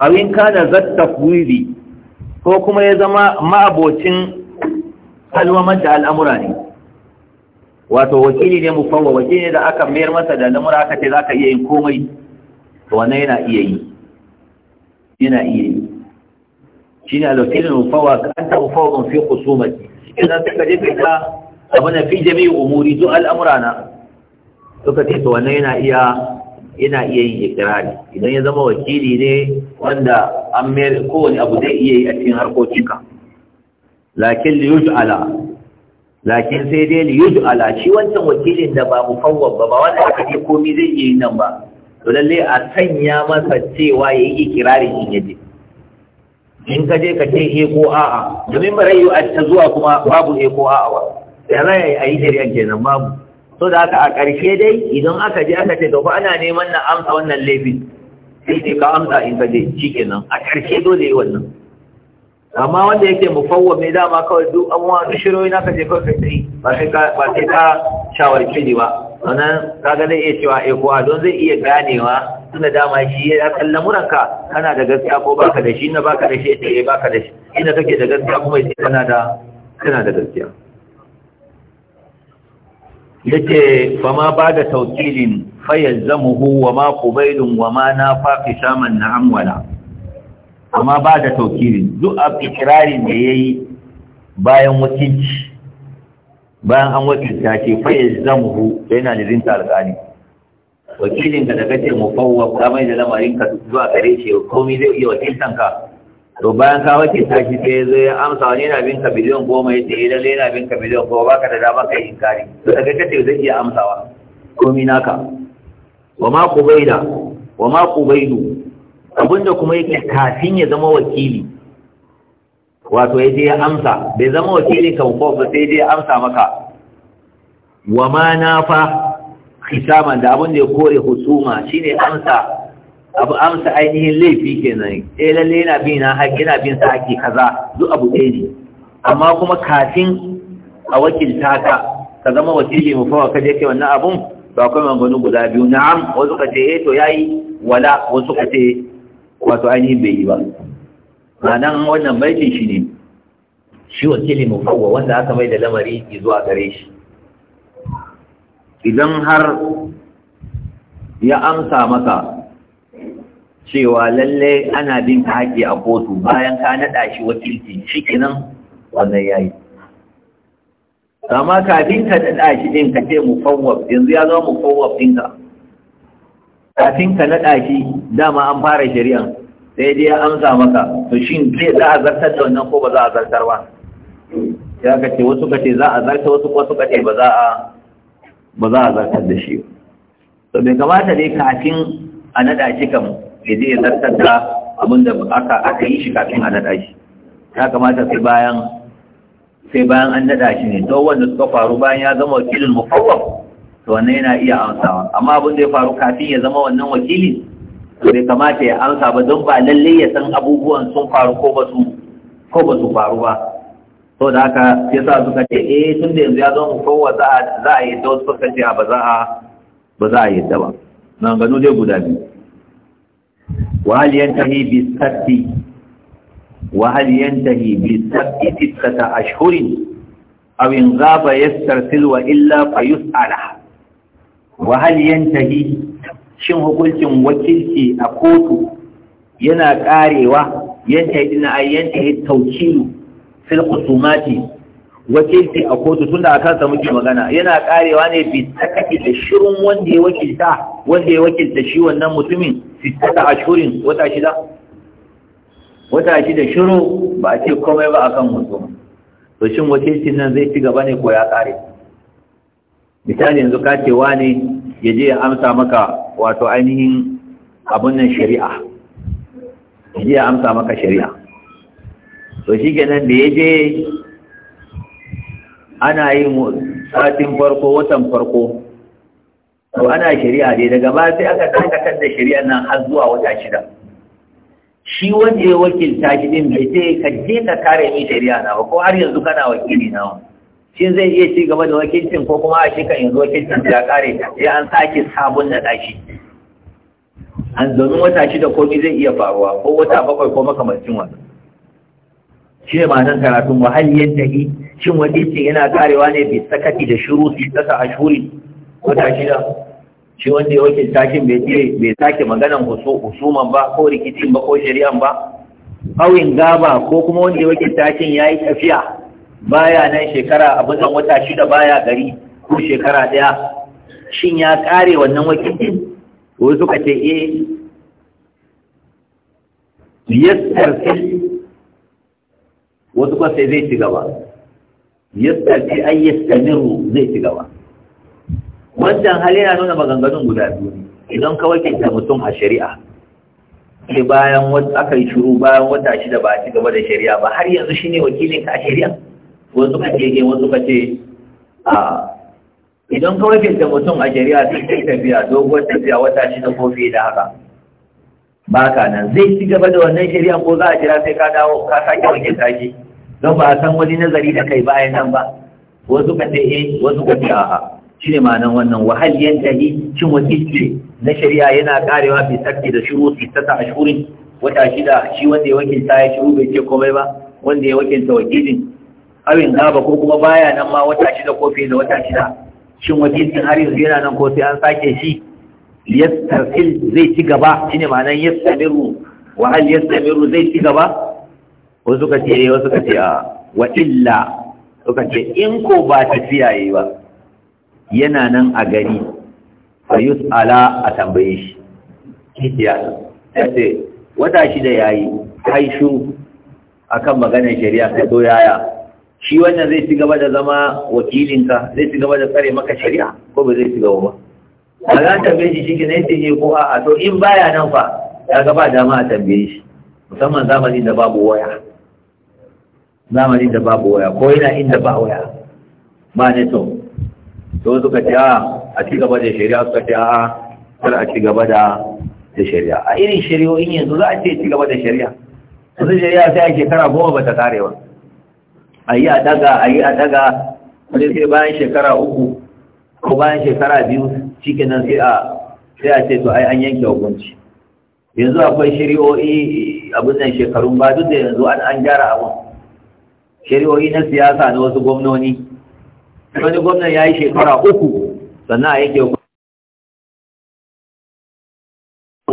awin kana zatta kuwiri ko kuma ya zama ma'abocin kalmamar da al'amura ne wato wakili ne mufawwa wakili ne da aka mayar masa da lamura aka ce za ka iya yin komai to wannan yana iya yi yana iya yi shine alwakilin fawa ka anta fawqan fi khusumati idan suka je ta abu na fi jami'i umuri duk al'amura na suka ce to wannan yana iya yana iya yin ikirari idan ya zama wakili ne wanda an mayar kowane abu zai iya yi a cikin harkokinka lakin liyuj'ala lakin sai dai liyuj'ala shi wancan wakilin da ba mufawwab ba ba wanda aka ce komai zai iya yi nan ba to lalle a sanya masa cewa yi ikirarin in yaje in ka je ka ce e ko a'a domin ba rayu a ta zuwa kuma babu e ko a'a ba da za a yi shari'ar kenan babu so da haka a ƙarshe dai idan aka je aka ce to ba ana neman na amsa wannan laifin sai ka amsa in ka je shi kenan a ƙarshe dole yi wannan amma wanda yake mufawwa mai dama kawai duk an wa duk shiroyi naka je kawai kai ba sai ka ba sai ka shawarci ne ba wannan ka ga dai cewa eh ko don zai iya ganewa tunda dama shi ya kalla muranka kana da gaskiya ko baka da shi na baka da shi eh baka da shi ina kake da gaskiya kuma sai kana da kana da gaskiya yace ma ba da tawkilin fayalzamuhu wa ma qubailun wa ma nafa qisaman na'am wala amma ba da taukirin duk a ikirarin da ya yi bayan wakilci bayan an wakilta ce faye zamhu yana da zinta alƙali wakilin ka da ce mu fawwa ka mai da lamarin ka zuwa gare shi komai zai iya wakiltan ka to bayan ka wakilta shi sai zai ya amsa wani yana bin ka biliyan goma ya ce ya eh, lalle yana bin ka biliyan goma baka da dama kai inkari to daga ce zai iya amsawa komai naka wa ma qubaida wa ma qubaidu abinda kuma yake kafin ya zama wakili wato ya je ya amsa bai zama wakili kan kofa ba sai je ya amsa maka wa ma na fa hisaman da abin ya kore husuma shine amsa abu amsa ainihin laifi kenan eh lalle yana bin na haƙi yana bin sa haƙi kaza duk abu ɗaya ne amma kuma kafin a wakilta ka ka zama wakili mu fawa ka je kai wannan abun to akwai gani guda biyu na'am wasu ka ce eh to yayi wala wasu ka ce wato ainihin bai yi ba ma'anan wannan baitin shi ne shi wakili mufawwa wanda aka mai da lamari zuwa gare shi idan har ya amsa maka cewa lalle ana bin ka haƙƙi a kotu bayan ka naɗa shi wakilci shi kenan wannan ya yi amma kafin ka naɗa shi ɗin ka ce mufawwaf yanzu ya zama mufawwaf ɗinka kafin ka naɗa shi dama an fara shari'a sai dai ya amsa maka to shi zai za a zartar da wannan ko ba za a zartar ba ya ka ce wasu ka ce za a zartar wasu wasu ka ce ba za a ba za a zartar da shi to bai kamata dai kafin a naɗa shi kam ya dai ya zartar da abin da aka aka yi shi kafin a naɗa shi ya kamata sai bayan sai bayan an naɗa shi ne to wanda suka faru bayan ya zama wakilin mufawwaf to wannan yana iya amsawa amma abin da ya faru kafin ya zama wannan wakili bai kamata ya amsa ba don ba lalle ya san abubuwan sun faru ko ba su ko ba su faru ba to da haka ya sa suka ce eh tun da yanzu ya zo mu kowa za a za a yi da wasu suka ce ba za a ba za a yi da ba nan gano dai guda biyu wa hal yantahi bi sabti wa hal yantahi bi sabti tittata ashhurin aw in ghaba yastarsil wa illa fayus'ala wa hal yantahi shin hukuncin wakilci a kotu yana karewa yantahi din ay yantahi tawkilu fil qusumati wakilci a kotu tunda aka samu muke magana yana karewa ne bi takaki da shirin wanda ya wakilta wanda ya wakilta shi wannan mutumin sittata ashurin wata shida wata shida shiru ba a ce komai ba akan mutum to shin wakilcin nan zai ci gaba ne ko ya kare misali yanzu ka ce wani ya je ya amsa maka wato ainihin abun shari'a ya je ya amsa maka shari'a to shi nan da ya je ana yin satin farko watan farko to ana shari'a dai daga ba sai aka dakatar da shari'a nan har zuwa wata shida shi wanda ya wakilta shi din bai sai ka je ka kare min shari'a na ba ko har yanzu kana wakili na wa shi zai iya ci gaba da wakilcin ko kuma a shika yanzu wakilcin ya kare sai an sake sabon na ɗashi an domin wata shida komi zai iya faruwa ko wata bakwai ko makamancin wani shi ne ma'anar karatun muhalliyar yi shin wakilcin yana karewa ne bi sakati da shuru su tasa a shuri wata shida shi wanda ya wakil tashin bai sake maganan husuman ba ko rikicin ba ko shari'an ba hawin gaba ko kuma wanda ya wakil shi ya yi tafiya baya nan shekara abin nan wata shida baya gari ko shekara daya shin ya kare wannan wakilin? ko suka ce yasar eh, ce wasu kuma sai zai ci gaba yassar fi ai yassamiru zai ci gaba wancan hali yana nuna maganganun guda biyu idan ka wakilta mutum a shari'a sai bayan aka yi shuru bayan wata shida ba a ci gaba da shari'a ba har yanzu shine wakilin ka a shari'a wasu ka keke wasu ka ce a idan ke wakilta mutum a shari'a sai kai tafiya doguwar tafiya wata shi ko kofi da haka ba ka nan zai ci gaba da wannan shari'a ko za a jira sai ka dawo ka sake wakilta tashi don ba a san wani nazari da kai bayan nan ba wasu ka ce eh wasu ka ce a'a shi ne ma'anar wannan wahal yi cin wakilci na shari'a yana karewa fi sarki da shiru fi sata a shurin wata shida shi wanda ya wakilta ya shiru bai ce komai ba wanda ya wakilta wakilin awin gaba ko kuma baya nan ma wata shida ko fiye da wata shida shin wakilin har yanzu yana nan ko sai an sake shi yastarsil zai ci gaba shine ma'anar yastamiru wa hal yastamiru zai ci gaba wasu suka ce eh, wasu suka ce a ah, wa illa suka ce in ko ba tafiya yi ba yana nan a gari fa Ala a tambaye shi kidiya ya ce wata shida yayi kai shu akan maganar shari'a sai to yaya shi wannan zai ci gaba da zama wakilinka zai ci gaba da tsare maka shari'a ko ba zai ci gaba ba a za tambaye shi shi ne sai ko a'a to in baya nan fa ya gaba da dama a tambaye shi musamman zamanin da babu waya zamanin da babu waya ko yana inda ba waya ba ne to to suka ce a ci gaba da shari'a suka ce a kar a ci gaba da da shari'a a irin shari'o'in yanzu za a ce ci gaba da shari'a Wasu shari'a sai a shekara goma ba ta karewa a yi a daga a yi a daga wani sai bayan shekara uku ko bayan shekara biyu cikin nan sai a ce to ai an yanke hukunci yanzu akwai shari'o'i abin nan shekarun ba duk da yanzu an an gyara abin shari'o'i na siyasa na wasu gwamnoni wani gwamnan ya yi shekara uku sannan a yanke hukunci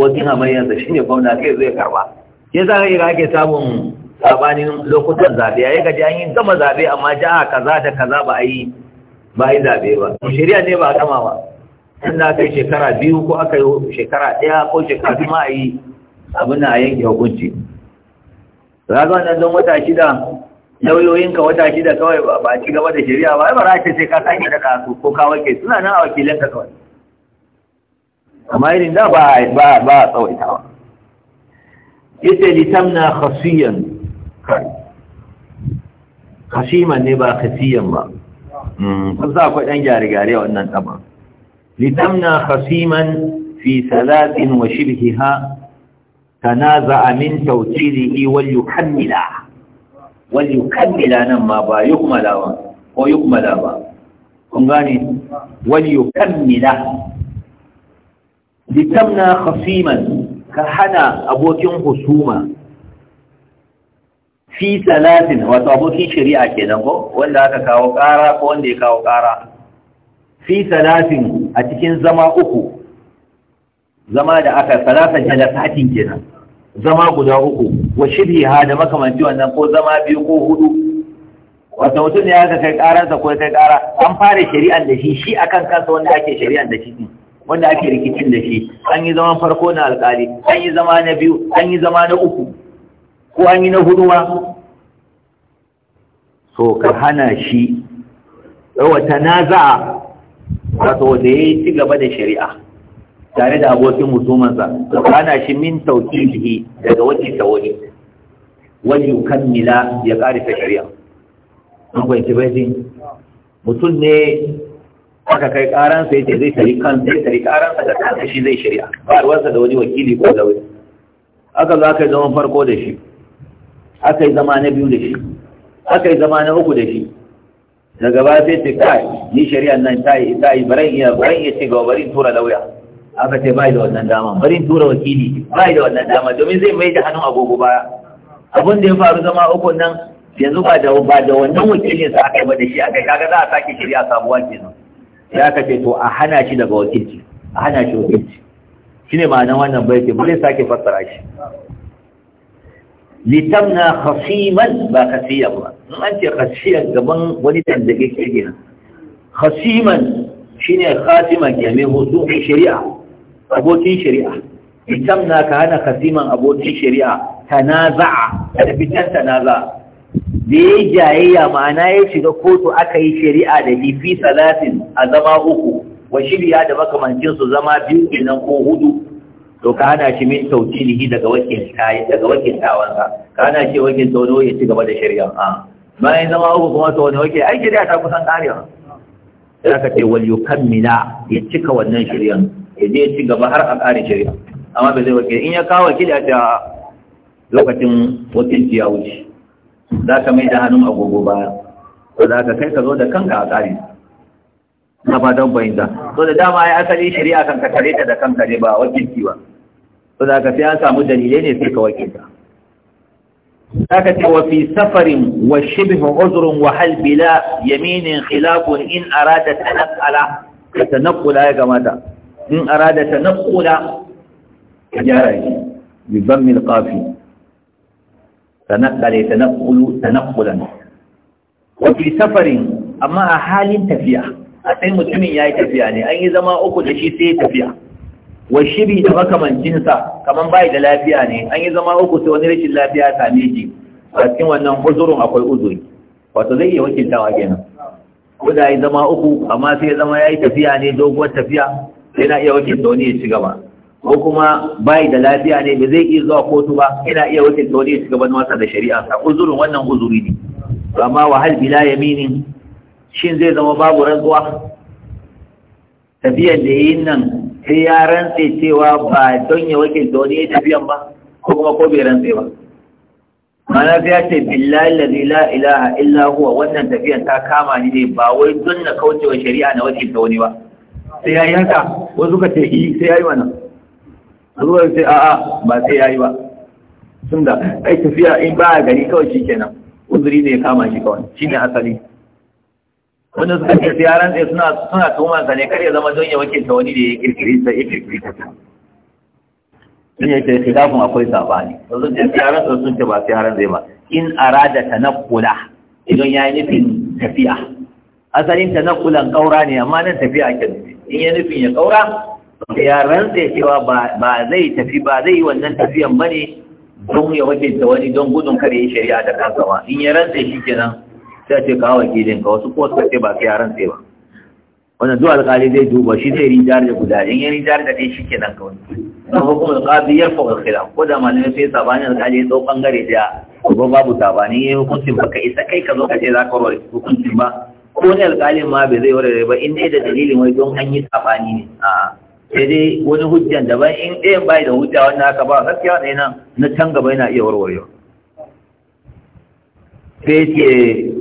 wasu hamayyansa shi ne gwamna kai zai karba ke sa ake samun sabanin lokutan zaɓe ya yi gaji an yi gama zaɓe amma jiha kaza da kaza ba a yi ba yi zabe ba shirya ne ba a gama ba tun da aka yi shekara biyu ko aka yi shekara ɗaya ko shekara biyu ma a yi abin da a yanke hukunci za ga wannan don wata shida lauyoyinka wata shida kawai ba a ci gaba da shari'a ba ba za ka sai ka sake da kasu ko ka wake suna nan a wakilin ka kawai amma irin da ba ba ba tsawaitawa yace litamna khasiyan kai kashiman ne ba kasiyan ba hmm, kun sa akwai ɗan gyare-gyare wannan tsaba litamna kasiman fi salatin wa shirhiha ma ba توكيله وليكمل وليكمل نما با يكمل ويكمل با كنغاني وليكمل لتمنى ka hana أبوكين خصوما fi talatin wato abokin shari'a kenan ko wanda aka kawo ƙara ko wanda ya kawo ƙara fi talatin a cikin zama uku zama da aka salatan jalasatin kenan zama guda uku wa ha da makamanci wannan ko zama biyu ko hudu wato mutum ne aka kai ƙaransa ko kai ƙara an fara shari'an da shi shi akan kansa wanda ake shari'an da shi wanda ake rikicin da shi an yi zaman farko na alƙali an yi zama na biyu an yi zama na uku ko an yi na huduwa so ka hana shi wata naza'a wato da ya yi ci gaba da shari'a tare da abokin mutumansa ka hana shi min tauqihi daga wani tawani wani kammila ya karifa shari'a an kwanci bai mutum ne aka kai karansa yace zai tari kan zai tari karansa da kansa shi zai shari'a ba ruwansa da wani wakili ko zaune. aka za ka yi zaman farko da shi aka yi zama na biyu da shi aka yi zama na uku da shi daga ba sai ce kai ni shari'ar nan ta yi ta yi barin iya barin iya ce ga barin tura lauya aka ce bai da wannan dama barin tura wakili bai da wannan dama domin zai mai da hannun agogo baya abin da ya faru zama uku nan yanzu ba da ba da wannan wakilin sa aka yi ba da shi aka kaga za a sake shari'a sabuwa kenan sai aka ce to a hana shi daga wakilci a hana shi wakilci shine ma'anar wannan bai ce bare sake fassara shi litamna khasiman ba khasiyan ba in an ce khasiyan gaban wani dandake ke gina khasiman shine khatiman ke mai hudu shari'a abokin shari'a litamna ka hana khasiman abokin shari'a tanaza'a da fitan tanaza'a da ya yi jayayya ma'ana ya shiga kotu aka yi shari'a da hifi salatin a zama uku wa shirya da makamancin su zama biyu kenan ko hudu to ka hana shi min tautilihi daga wakiltawansa daga tawansa ka hana shi wakilta wani ya ci gaba da shari'a a ah. bayan zama uku kuma to wani wakil ai shari'a ta kusan karewa Da ka ce wal yukammila ya cika wannan shari'an ya je ya ci gaba har a kare shari'a amma bai zai wakil in ya kawo wakil a ta ah, lokacin wakilci ya wuce za ka mai da hannun agogo baya ko za ka kai ka zo da kanka a kare na fatan fahimta so da dama ya asali shari'a kan ka kare ta da kanka ne ba wakilci ba to da ka sai an samu dalilai ne sai ka wakilta aka ce wa fi safarin wa shibhu uzrun wa hal bila yaminin khilafun in arada tanaqqala ka tanaqqula ya gamata in arada tanaqqula ka jara shi bi dhammi alqafi tanaqqala tanaqqulu tanaqqulan wa fi safarin amma a halin tafiya a sai mutumin yayi tafiya ne an yi zama uku da shi sai tafiya wa shiri da makamancinsa kamar bai da lafiya ne an yi zama uku sai wani rashin lafiya ta same shi a cikin wannan uzurin akwai uzuri wato zai iya wakiltawa kenan ko da yi zama uku amma sai zama ya yi tafiya ne doguwar tafiya sai na iya wakilta wani ya ci gaba ko kuma bai da lafiya ne ba zai iya zuwa kotu ba yana iya wakilta wani ya ci gaba na wasa da shari'a A uzurin wannan uzuri ne amma wahal bila yaminin shin zai zama babu rantsuwa tafiyar da yayin nan sai ya rantse cewa ba don ya wake da wani ya tafiyan ba ko kuma ko bai rantse ba mana sai ya ce billahi lazi la ilaha illa huwa wannan tafiyan ta kama ni ne ba wai don na kaucewa shari'a na wake da wani ba sai ya yi haka wasu ka ce yi sai ya yi wannan wasu ka ce a'a ba sai ya yi ba tunda ai tafiya in ba a gari kawai shi kenan uzuri ne ya kama shi kawai shi ne asali wanda suka ce yaran ɗaya suna suna tuhumar sa ne kar ya zama don ya wakilta wani da ya kirkiri ta ya kirkiri ta sun yake khilafin akwai sabani sun ce yaran sa sun ce ba sai yaran zai ba in arada kula idan ya yi nufin tafiya asalin kula kaura ne amma nan tafiya ake ne. in ya nufin ya kaura ya rantse cewa ba zai tafi ba zai yi wannan tafiyan ba ne don ya wakilta wani don gudun kare shari'a da kansa ba in ya rantse shi kenan sai ce ce kawo wakilin ka wasu kuma suka ce ba sai yaran sai ba wannan duk alƙali zai duba shi zai rijar da guda in ya rijar da ɗaya shi ke nan kawai na hukumar alƙali ya faɗa kila ko da malamai sai sabanin alƙali ya ɗau ɓangare ɗaya ko babu sabanin ya yi hukuncin baka isa kai ka zo ka ce za ka warware hukuncin ba ko ne alƙalin ma bai zai warware ba in dai da dalilin wai don an yi sabani ne a sai dai wani hujjan daban in ɗayan bai da hujja wannan aka ba gaskiya ɗaya nan na can gaba yana iya warwarewa sai ce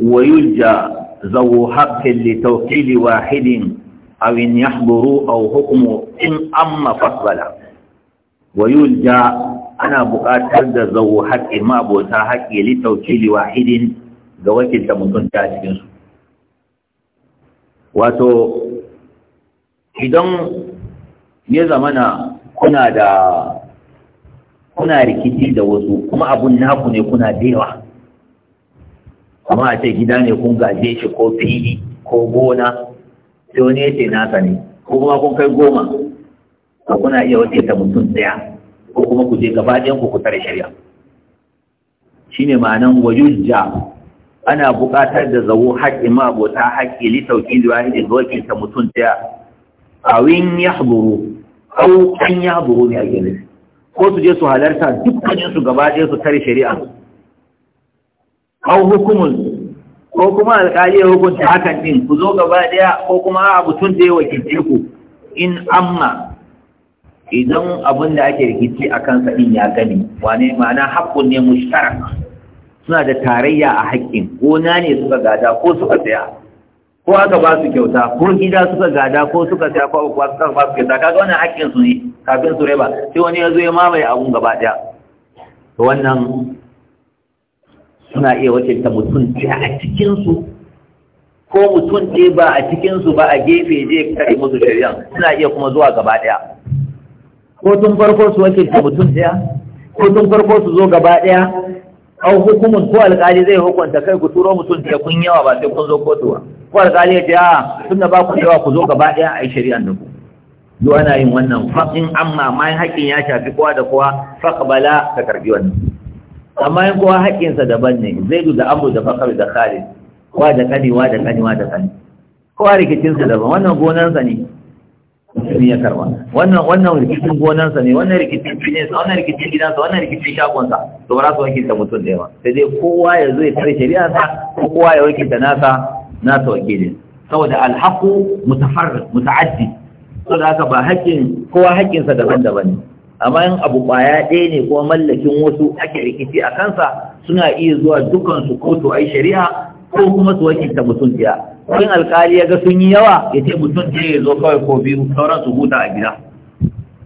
wa yujja zawo haƙƙin litaukili wahidin awin ya haɗuru a hukumu in amma fasbala wa yujja ana buƙatar da zawo haƙƙin mabota haƙƙi litaukili wahidin ga wakilta mutum ta cikinsu wato idan ya zamana kuna da kuna rikici da wasu kuma abun naku ne kuna da yawa amma a ce gida ne kun gaje shi ko fili ko gona sai wani ya ce nasa ne ko kuma kun kai goma A kuna iya wace ta mutum ɗaya ko kuma ku je gaba ɗayan ku kusa da shari'a shine ma'anan ja. ana buƙatar da zawo haƙƙi ma abota haƙƙi li sauƙi da wahidi ga wakil ta mutum ɗaya awin yahduru au an yahduru ne a gefe ko su je su halarta dukkanin su gaba ɗaya su tare shari'a au hukumun ko kuma alƙali ya hukunta hakan din ku zo gaba daya ko kuma a mutum da ya wakilce ku in amma idan abin da ake rikici a kansa din ya gani wane ma'ana haƙƙun ne mushtarak suna da tarayya a haƙƙin ko na ne suka gada ko suka tsaya ko aka ba su kyauta ko gida suka gada ko suka tsaya ko ba suka ba su kyauta kaga wannan haƙƙin su ne kafin su raba sai wani ya zo ya mamaye abun gaba daya to wannan suna iya wakilta mutum ɗaya a cikinsu ko mutum ɗaya ba a cikinsu ba a gefe je kare musu shari'a suna iya kuma zuwa gaba ɗaya ko tun farko su wakilta mutum ɗaya ko tun farko su zo gaba ɗaya au hukumun ko alƙali zai hukunta kai ku turo mutum ɗaya kun yawa ba sai kun zo kotu ba ko alƙali ya ce a tun da ba ku yawa ku zo gaba ɗaya a yi shari'an da ku duk ana yin wannan faɗin amma mai haƙƙin ya shafi kowa da kowa Bala ka karɓi wannan amma in kowa haƙƙinsa daban ne zaidu da abu da bakar da kare wa da kani wa da kani wa da kani kowa rikicinsa daban wannan gonansa ne mutum ya karba wannan wannan rikicin gonansa ne wannan rikicin filinsa wannan rikicin gidansa wannan rikicin shagonsa to ba za su wakilta mutum da yawa sai dai kowa ya zo ya tare shari'arsa ko kowa ya wakilta nasa nasa wakilin saboda alhaku mutafarrid muta'addi saboda haka ba haƙƙin kowa haƙƙinsa daban-daban ne amma in abu baya ɗaya ne ko mallakin wasu ake rikici a kansa suna iya zuwa dukansu kotu a shari'a ko kuma su ta mutum jiya. in alkali ya ga sun yi yawa ya ce mutum jiya ya zo kawai ko biyu sauran su huta a gida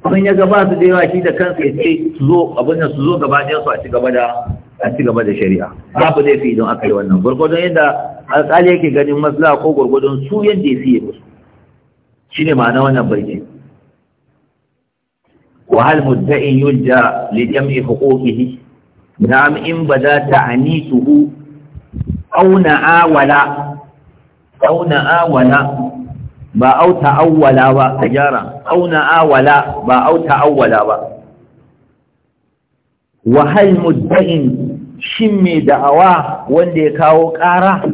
sun ya gaba su da yawa shi da kansa ya ce su zo abin su zo gaba ɗaya su a ci gaba da a ci gaba da shari'a babu laifi don aka yi wannan gwargwadon yadda alkali yake ganin maslaha ko gwargwadon su yadda ya fiye musu shine ma'ana wannan barci. وهل مدع يلجا لجمع حقوقه نعم إن بدا تعنيته أو نآول أو نآول با أو تأول با تجارة أو نآول با أو تأول با وهل مدع شمي دعواه وندي كاو قارة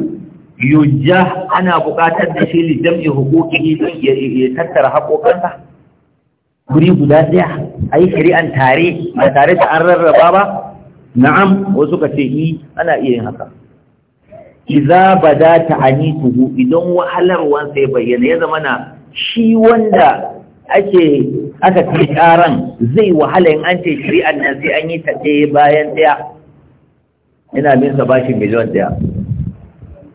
يجاه أنا بقاتل نشيل جمع حقوقه يتتر حقوقه guri guda daya a yi shari'an tare ba tare da an rarraba ba na'am wasu ka ce yi eh, ana iya yin haka iza ba da tuhu idan wahalarwansa ya bayyana ya zama na shi wanda ake aka kai karan zai wahala in an ce shari'an nan sai an yi ta ɗaya bayan ɗaya ina min sa bashi miliyon ɗaya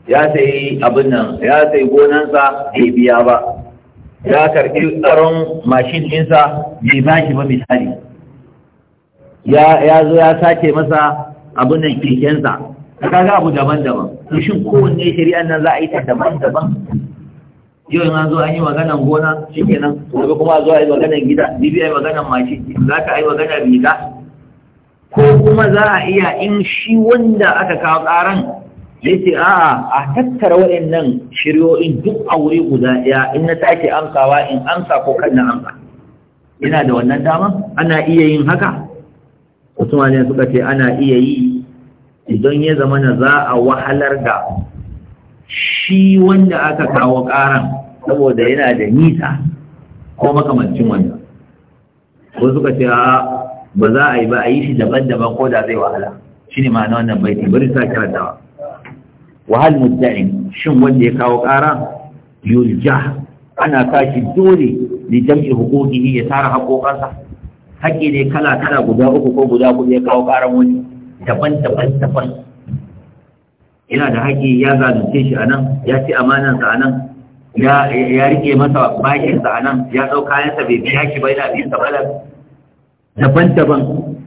ya sai abin nan ya sai gonansa bai biya ba ya karɓi tsaron mashin ɗinsa bai ba shi ba misali ya zo ya sace masa abin nan kekensa kaga abu daban-daban shin kowanne shari'an nan za a yi ta daban-daban yau na zo an yi maganan gona shi nan, gobe kuma zo a yi maganan gida bibiya a yi maganan mashi za ka yi magana riga ko kuma za a iya in shi wanda aka kawo ƙaran yace a'a a tattara waɗannan shiryoyin duk a wuri guda ɗaya in na take amsawa in amsa ko kan na amsa ina da wannan dama ana iya yin haka usmaniya suka ce ana iya yi idan ya zama na za a wahalar da shi wanda aka kawo karan saboda yana da nisa ko makamancin wanda ko suka ce ba za a yi ba a yi shi daban-daban ko da zai wahala shi ne ma'ana wannan baiti bari sa dawa. wa hal mudda'in shin wanda ya kawo ƙara yulja ana kashi dole li jam'i huquqihi ya tara haƙoƙansa haƙƙi ne kala kala guda uku ko guda huɗu ya kawo ƙaran wani daban daban daban ina da haƙƙi ya zalunce shi anan ya ci amanansa anan ya ya rike masa bakinsa anan ya ɗau kayansa bai biya shi ba yana bi sa daban daban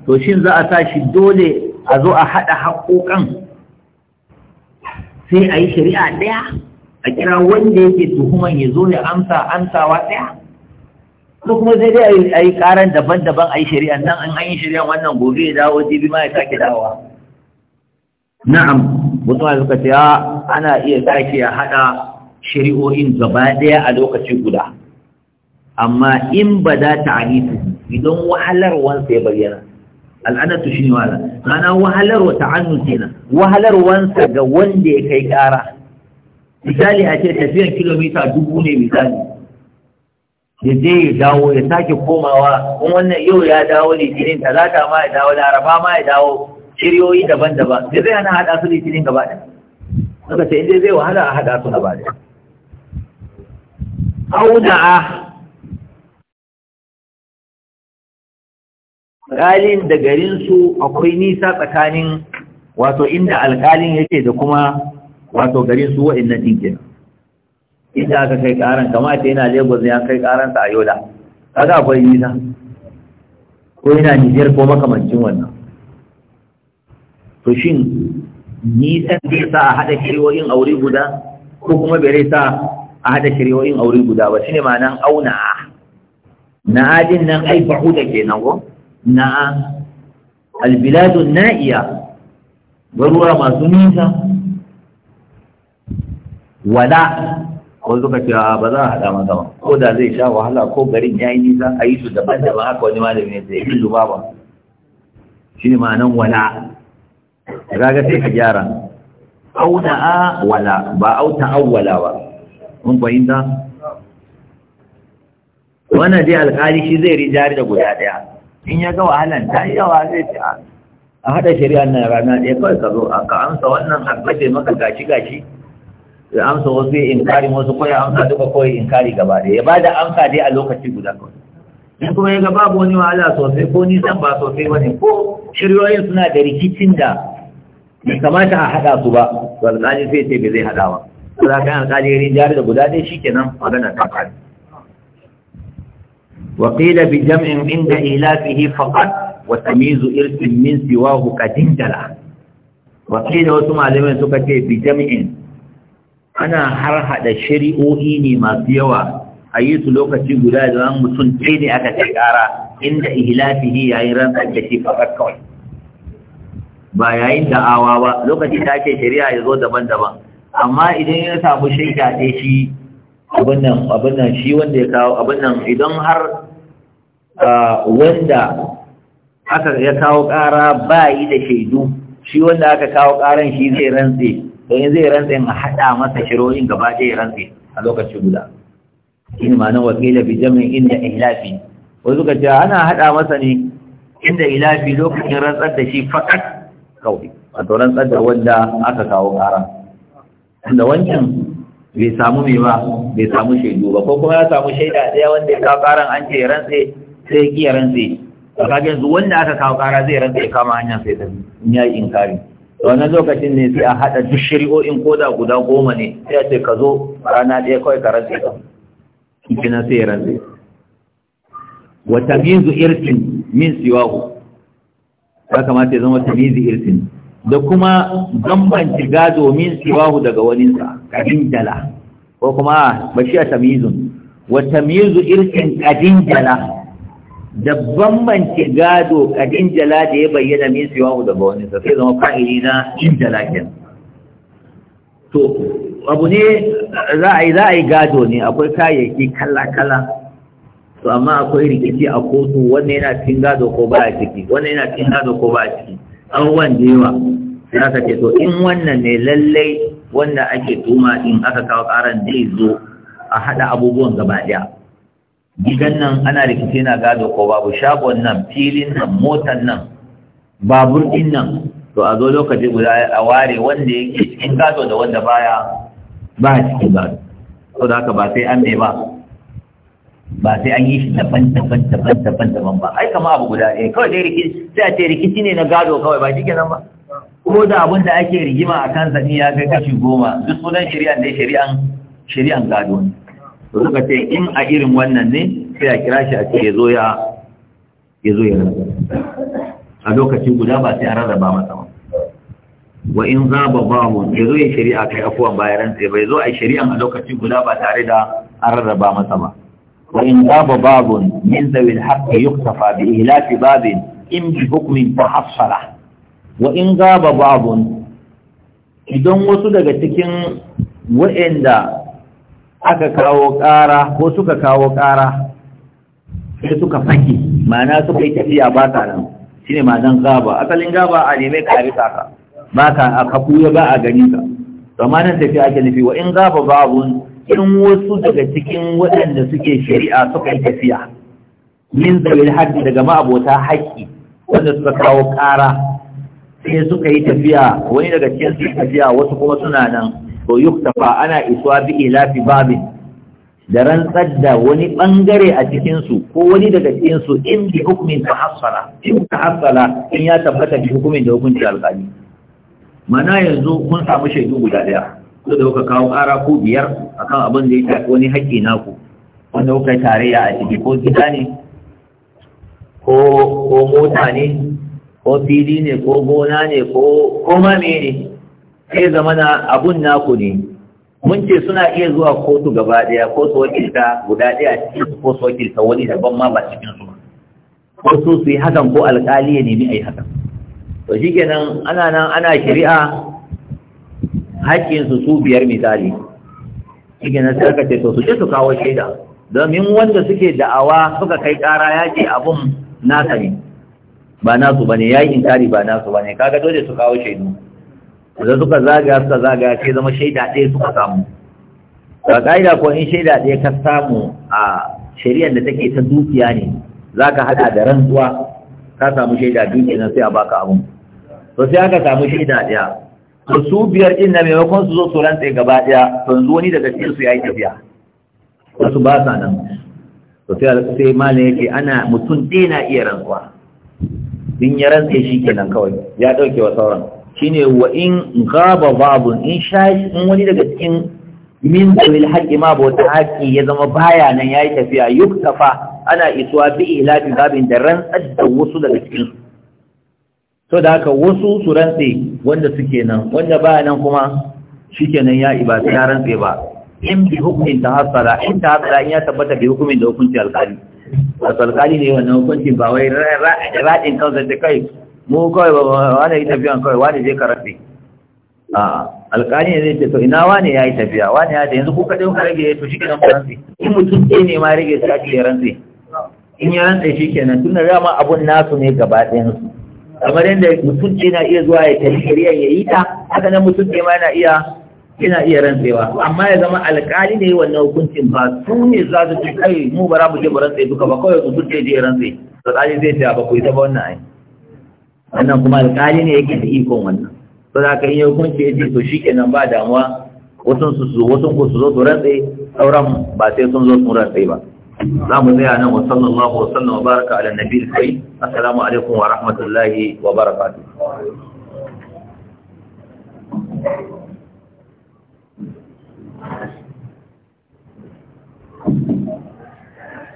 to shin za a sa shi dole a zo a haɗa haƙoƙan sai a yi shari'a ɗaya a kira wanda yake tuhuman ya zo ya amsa amsawa ɗaya ko kuma sai dai a yi karan daban-daban a yi shari'a nan an yi shari'a wannan gobe ya dawo jibi ma ya sake dawowa na'am wasu a suka ce ah, ana iya sake ya haɗa shari'o'in gaba ɗaya a lokaci guda amma in ba za ta idan wahalar wansa ya bayyana al'adatu shi ne wahala mana wahalarwa ta'annu kenan wansa ga wanda ya kai ƙara misali a ce tafiyan kilomita dubu ne misali ya je ya dawo ya sake komawa in wannan yau ya dawo litinin talata ma ya dawo laraba ma ya dawo shiryoyi daban-daban da zai hana haɗa su litinin gaba ɗaya suka ce inda zai wahala a haɗa su gaba ɗaya auna'a Alƙalin da garinsu akwai nisa tsakanin wato inda alƙalin yake da kuma wato garinsu wa'innan ɗin kenan inda aka kai karan kamata yana lagos ya kai ƙaransa a yola kaga akwai nisa ko yana nijar ko makamancin wannan to shin nisan zai sa a haɗa shirwoyin aure guda ko kuma bai sa a haɗa shirwoyin aure guda ba shine ma'anan auna na adin nan ai ke kenan ko na albiladun na'iya garuwa masu nisa wala ko zuka ce ba za a haɗa maza ba ko da zai sha wahala ko garin ya yi nisa a yi su daban-daban haka wani malami ne sai illu ba shi ne ma'anan wala raga sai ka gyara auna a wala ba auta wala ba mun fahimta wannan dai alkali shi zai rijari da guda ɗaya in ya ga wahalan ta yi yawa zai ce a haɗa shari'a na rana ɗaya kawai ka zo ka amsa wannan a kashe maka gashi gashi ya amsa wasu ya inkari wasu ko ya amsa duka ko ya inkari gaba ɗaya ya ba da amsa dai a lokaci guda kawai in kuma ya ga babu wani wahala sosai ko nisan ba sosai ba ne ko shiryoyin suna da rikicin da bai kamata a haɗa su ba to alƙali sai ce bai zai haɗa ba. Sura kan alƙali ya jari da guda ɗaya shi kenan magana ta ƙari. وقيل بجمع عند إلافه فقط وتمييز إرث من سواه كدنجلة وقيل وسمع علمين سكتي بجمع أنا حرحة الشريعوئين ما فيوا أيس لوكا تقول هذا أن مسلطين أكتكارا عند إهلافه يعني رمضة التي فقط كوي ba yayin da awawa lokaci lokacin da ake shari'a ya zo daban-daban amma idan ya samu shaida da shi abin nan shi wanda ya kawo abin nan idan har wanda aka ya kawo ƙara ba yi da shaidu shi wanda aka kawo ƙaran shi zai rantse don zai rantse in haɗa masa shiroyin gaba ɗaya rantse a lokaci guda Ina ma nan wakila bi jami'in inda ilafi wasu ka ce ana haɗa masa ne inda ilafi lokacin rantsar da shi fakat kawai wato rantsar da wanda aka kawo ƙara da wancan bai samu mai ba bai samu shaidu ba ko kuma ya samu shaida ɗaya wanda ya kawo ƙaran an ce rantse sai ki rantse a kagen su wanda aka kawo ƙara zai rantse ya kama hanyar sai ta in ya yi inkari wannan lokacin ne sai a haɗa duk shari'o'in ko da guda goma ne sai a ce ka zo rana ɗaya kawai ka rantse ka kina sai ya rantse wa tamizu irtin min siwahu ya kamata ya zama tamizu irtin da kuma bambanci gado min siwahu daga waninsa kadin jala ko kuma ah, bashiya tamyizun wa tamyizu irkin kadin jala da bambanci gado kadin jala da ya bayyana min siwahu daga waninsa sai zama fa'ili na jala kenan to abu ne za a yi za a yi gado ne akwai kayayyaki kala-kala to amma akwai rikici a kotu wannan yana cikin gado ko ba a ciki wannan yana cin gado ko ba a ciki abubuwan da yawa za ka ce to in wannan ne lallai wanda ake tuma in aka kawo karan zai zo a haɗa abubuwan gaba ɗaya gidan nan ana rikice na gado ko babu shagon nan filin nan motan nan babur ɗin nan to a zo lokaci guda a ware wanda yake cikin gado da wanda baya ba cikin gado Ko da haka ba sai an ne ba ba sai an yi shi daban daban daban daban daban ba ai kama abu guda ɗaya kawai dai rikici sai a ce rikici ne na gado kawai ba shi kenan ba ko da abin da ake rigima a kan zani ya kai kashi goma duk sunan shari'an ne shari'an shari'an gado ne to suka ce in a irin wannan ne sai a kira shi a ce ya zo ya ya zo ya a lokaci guda ba sai an rarraba masa ba wa in za ba ba mu ya zo ya shari'a kai afuwan bayaran sai bai zo a shari'an a lokaci guda ba tare da an rarraba masa ba وإن غاب باب من ذوي الحق يقتفى بإهلاك باب إن بحكم تحصله وإن غاب باب idan wasu daga cikin waɗanda aka kawo ƙara ko suka kawo ƙara sai suka faki ma'ana suka yi tafiya ba ka nan shi ne ma'anan gaba asalin gaba a neme ka rika ba ka a kafuya ba a gani ka zamanin tafiya ake nufi wa'in gaba babun in wasu daga cikin waɗanda suke shari'a suka yi tafiya min zabil haddi daga ma'abota haƙƙi wanda suka kawo ƙara sai suka yi tafiya wani daga cikin su tafiya wasu kuma suna nan to yuktafa ana isuwa bi ilafi babin da rantsar da wani bangare a cikinsu, su ko wani daga cikin in bi hukumin tahassala in in ya tabbata bi hukumin da hukunci alƙali mana yanzu kun samu shaidu guda ɗaya ko da kuka kawo ƙara ko biyar a kan abin da ya shafi wani haƙƙi naku wanda kuka tarayya a ciki ko gida ne ko mota ne ko fili ne ko gona ne ko ko ma ne sai zama na abun naku ne mun ce suna iya zuwa kotu gaba ɗaya ko su wakilta guda ɗaya cikin ko su wakilta wani daban ma ba cikin su ba ko su su yi hakan ko alƙali ya nemi a yi hakan to shi kenan ana nan ana shari'a haƙƙinsu su biyar misali shi na sai aka ce to su je su kawo shaida domin wanda suke da'awa suka kai ƙara ya ce abun nasa ne ba nasu ne, ya yi inkari ba nasu ba ne, kaga dole su kawo shaidu da suka zagaya suka zagaya sai zama shaida ɗaya suka samu ba ƙa'ida ko in shaida ɗaya ka samu a shari'ar da take ta dukiya ne za ka haɗa da rantsuwa ka samu shaida biyu kenan sai a baka abun to sai aka samu shaida ɗaya to su biyar din na maimakon su zo su rantse gaba daya to yanzu wani daga cikin su yayi tafiya wasu ba sa nan to sai sai malam yake ana mutum ɗaya na iya rantsuwa din ya rantse shi kenan kawai ya dauke wa sauran shine wa in ghaba babu in sha in wani daga cikin min dawil haƙi ma bauta haƙi ya zama baya nan yayi tafiya yuktafa ana isuwa bi ilafi babin da rantsar da wasu daga cikin su so da haka wasu su rantse wanda suke nan wanda ba nan kuma shikenan ya iba ya rantse ba in bi hukumin ta hasala in ta hasala in ya tabbata bi hukumin da hukunci alkali Wasu alkali ne wannan hukuncin ba wai raɗin kansa da kai mu kawai ba wani yi tafiyan kawai wani je ka rantse a alkali ne zai ce to ina wani ya yi tafiya wani ya da yanzu kuka ɗin kuka rage to shi kenan ku rantse in mutum ɗaya ne ma rage su ake rantse in ya rantse shi kenan tun da dama abun nasu ne gaba ɗayansu kamar yadda mutum ce na iya zuwa ya tafi shari'a ya yi ta haka nan mutum ma yana iya yana iya rantsewa amma ya zama alƙali ne wannan hukuncin ba su ne za su ce kai mu ba za mu je mu rantse duka ba kawai mutum ce je rantse alƙali zai ce ba ku yi ta ba wannan ai wannan kuma alƙali ne yake da ikon wannan to za ka yi hukunci ya ce to shi kenan ba damuwa wasu su zo wasu ku su zo su rantse sauran ba sai sun zo su rantse ba za mu zai nan wa sallallahu wa sallam a baraka ala nabi kai assalamu alaikum wa rahmatullahi wa barakatuh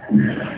Thank you.